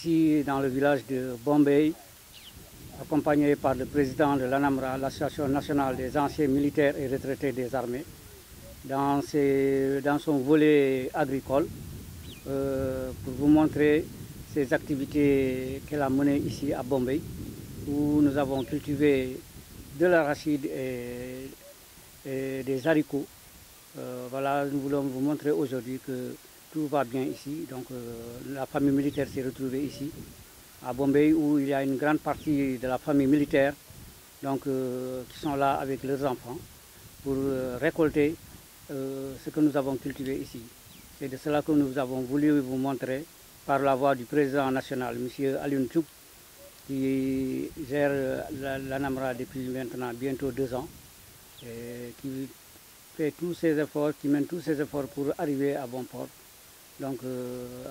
ici dans le village de Bombay, accompagné par le président de l'ANAMRA, l'Association nationale des anciens militaires et retraités des armées, dans, ses, dans son volet agricole, euh, pour vous montrer ses activités qu'elle a menées ici à Bombay, où nous avons cultivé de l'arachide et, et, des haricots. Euh, nous voulons vous montrer aujourd'hui tout va bien ici. Donc euh, la famille militaire s'est retrouvée ici, à Bombay, où il y a une grande partie de la famille militaire donc, euh, qui sont là avec leurs enfants pour euh, récolter ce que nous avons cultivé ici. C'est de cela que nous avons voulu vous montrer par la voix du président national, M. Alioune Tchouk, qui gère l'ANAMRA depuis maintenant bientôt deux ans, et qui fait tous ses efforts, qui mène tous ses efforts pour arriver à bon port. Donc,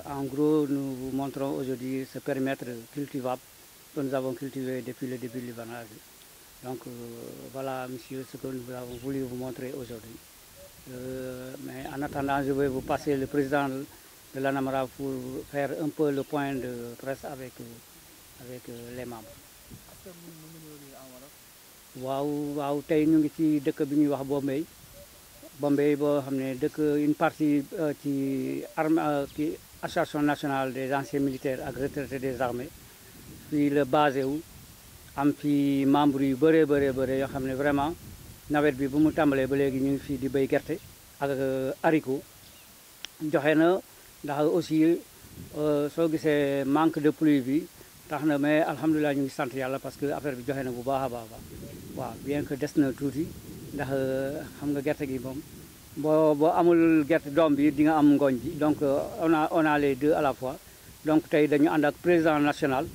en gros, nous vous montrons aujourd'hui ce périmètre cultivable que nous avons cultivé depuis le début du l'hivernage. Donc, voilà, monsieur, ce que nous avons voulu vous montrer aujourd'hui. mais en attendant, je vais vous passer le président de l'ANAMRA pour faire un peu le point de presse avec, les membres. waaw waaw tey ñu ngi ci dëkk bi ñuy wax Bombay Bombay boo xam ne dëkk une partie euh, ci arme euh, ci association nationale des anciens militaires ak retraités des armées fii la basé wu am fi membre yu bëree bëree bëree yoo xam ne vraiment nawet bi bu mu tàmbalee ba léegi ñu ngi fii di béy gerte ak euh, haricot joxe na ndax aussi soo gisee manque de pluie bi tax na mais alhamdulilah ñu ngi sant yàlla parce que affaire bi joxe na bu baax a baax waaw bien que des na tuuti. ndax euh, xam nga gerte gi moom boo boo amul gerte doom bi di nga am ngooñ bi donc euh, on a on a les à la fois donc tey dañu ànd ak président national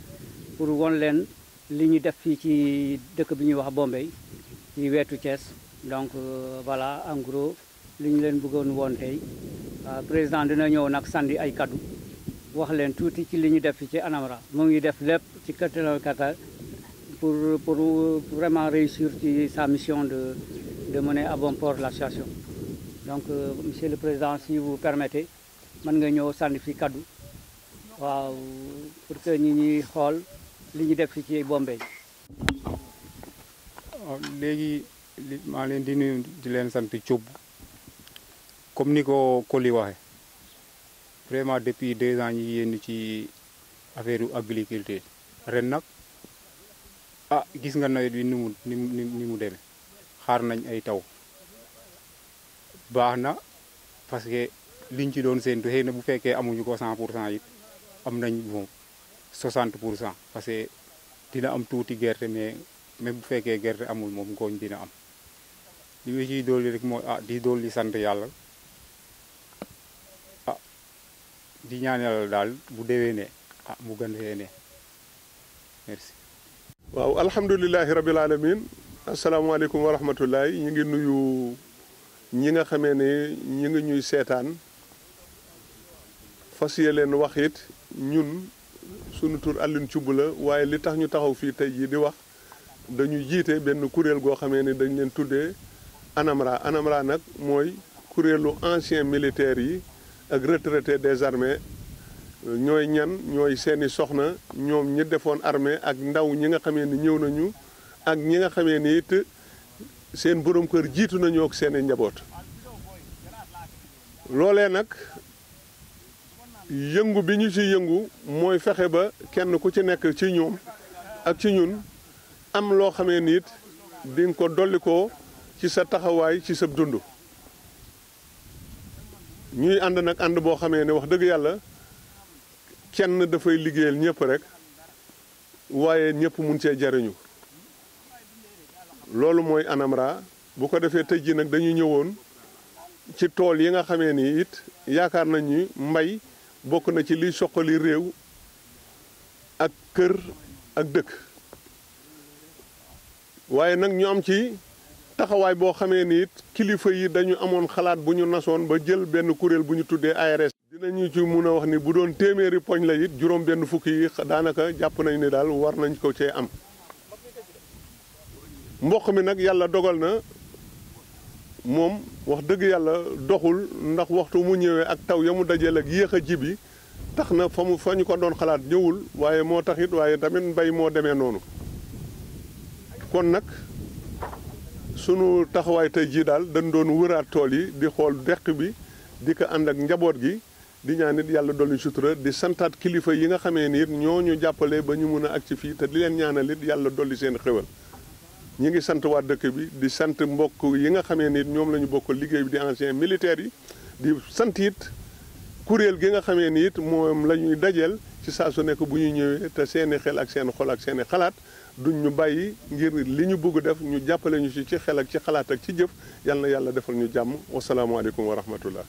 pour won leen li ñu def fii ci dëkk bi ñuy wax Bombay ci wetu Thiès donc euh, voilà en gros li ñu leen bëggoon woon tey président dina ñëw nag sandi ay kaddu wax leen tuuti ci li ñu def fii ci Anamra mu ngi def lépp ci kattan kata pour pour vraiment réussir ci sa mission de de mener à bon port la situation donc euh, monsieur le président si vous permettez mën nga ñëw sànni fi kàddu waaw pour que ñi ñuy xool li ñu def fi ci Bombay. Oh, léegi maa leen di nuyu di leen sant Thioub comme ni ko Koli waxee vraiment depuis deux ans ñu yéen ci affaire agriculture ren nag ah gis nga nawet bi ni mu ni mu ni mu demee. xaar nañ ay taw baax na parce que liñ ci doon séentu xëy na bu fekkee amuñu ko 100 pour cent it am nañ bon 60 pour cent parce que dina am tuuti gerte mais même bu fekkee gerte amul moom ngooñ dina am li ma ciy dolli rek mooy ah di dolli sant yàlla ah di ñaan yàlla daal bu déwee ne ah mu gën ne merci waaw alhamdulilahi rabil alamin asalaamaaleykum wa rahmatulah ñu ngi nuyu ñi nga xamee ni ñi ngi ñuy seetaan fas leen wax it ñun sunu tur Alioune Thioub la waaye li tax ñu taxaw fii tey jii di wax dañu jiite benn kuréel goo xamee ni dañ leen tuddee ANAMRA ANAMRA nag mooy kuréelu anciens militaires yi ak retraités des armées ñooy ñan ñooy seeni soxna ñoom ñi defoon armée ak ndaw ñi nga xamee ni ñëw nañu. ak ñi nga xamee ni seen borom kër jiitu nañoo ak seen njaboot loolee nag yëngu bi ñu ci yëngu mooy fexe ba kenn ku ci nekk ci ñoom ak ci ñun am loo xamee ni it di ko dolli ko ci sa taxawaay ci sa dund ñuy ànd nag ànd boo xamee ne wax dëgg yàlla kenn dafay liggéeyal ñëpp rek waaye ñëpp mun cee jariñu loolu mooy ANAMRA bu ko defee tey jii nag dañu ñëwoon ci tool yi nga xamee ni it yaakaar nañ ni mbay bokk na ci liy soqali réew ak kër ak dëkk waaye nag ñu am ci taxawaay boo xamee ni it kilifa yi dañu amoon xalaat bu ñu nasoon ba jël benn kuréel bu ñu tuddee ARS. dinañu ci mun a wax ni bu doon téeméeri poñ la it juróom benn fukki yi daanaka jàpp nañ ni daal war nañ ko cee am. mboq mi nag yàlla dogal na moom wax dëgg yàlla doxul ndax waxtu mu ñëwee ak taw ya mu dajeel ak yéex a ji bi tax na fa mu fa ñu ko doon xalaat ñëwul waaye moo tax it waaye tamit mbay moo demee noonu kon nag sunu taxawaay tey jii daal dañ doon wëraat tool yi di xool deq bi di ko ànd ak njaboot gi di ñaan it yàlla dolli sutura di santaat kilifa yi nga xamee ni it ñoo ñu jàppale ba ñu mun a ak ci fii te di leen ñaanal it yàlla dolli seen xéwal ñi ngi sant waa dëkk bi di sant mbokk yi nga xamee ni ñoom la ñu bokkal liggéey bi di anciens militaires yi di sant it kuréel gi nga xamee ni it moom la ñuy dajeel ci saa su nekk bu ñu ñëwee te seeni xel ak seen xol ak seeni xalaat duñ ñu bàyyi ngir li ñu bugg def ñu jàppale ñu ci ci xel ak ci xalaat ak ci jëf yal yàlla defal ñu jàmm wasalaamaaleykum wa rahmatullah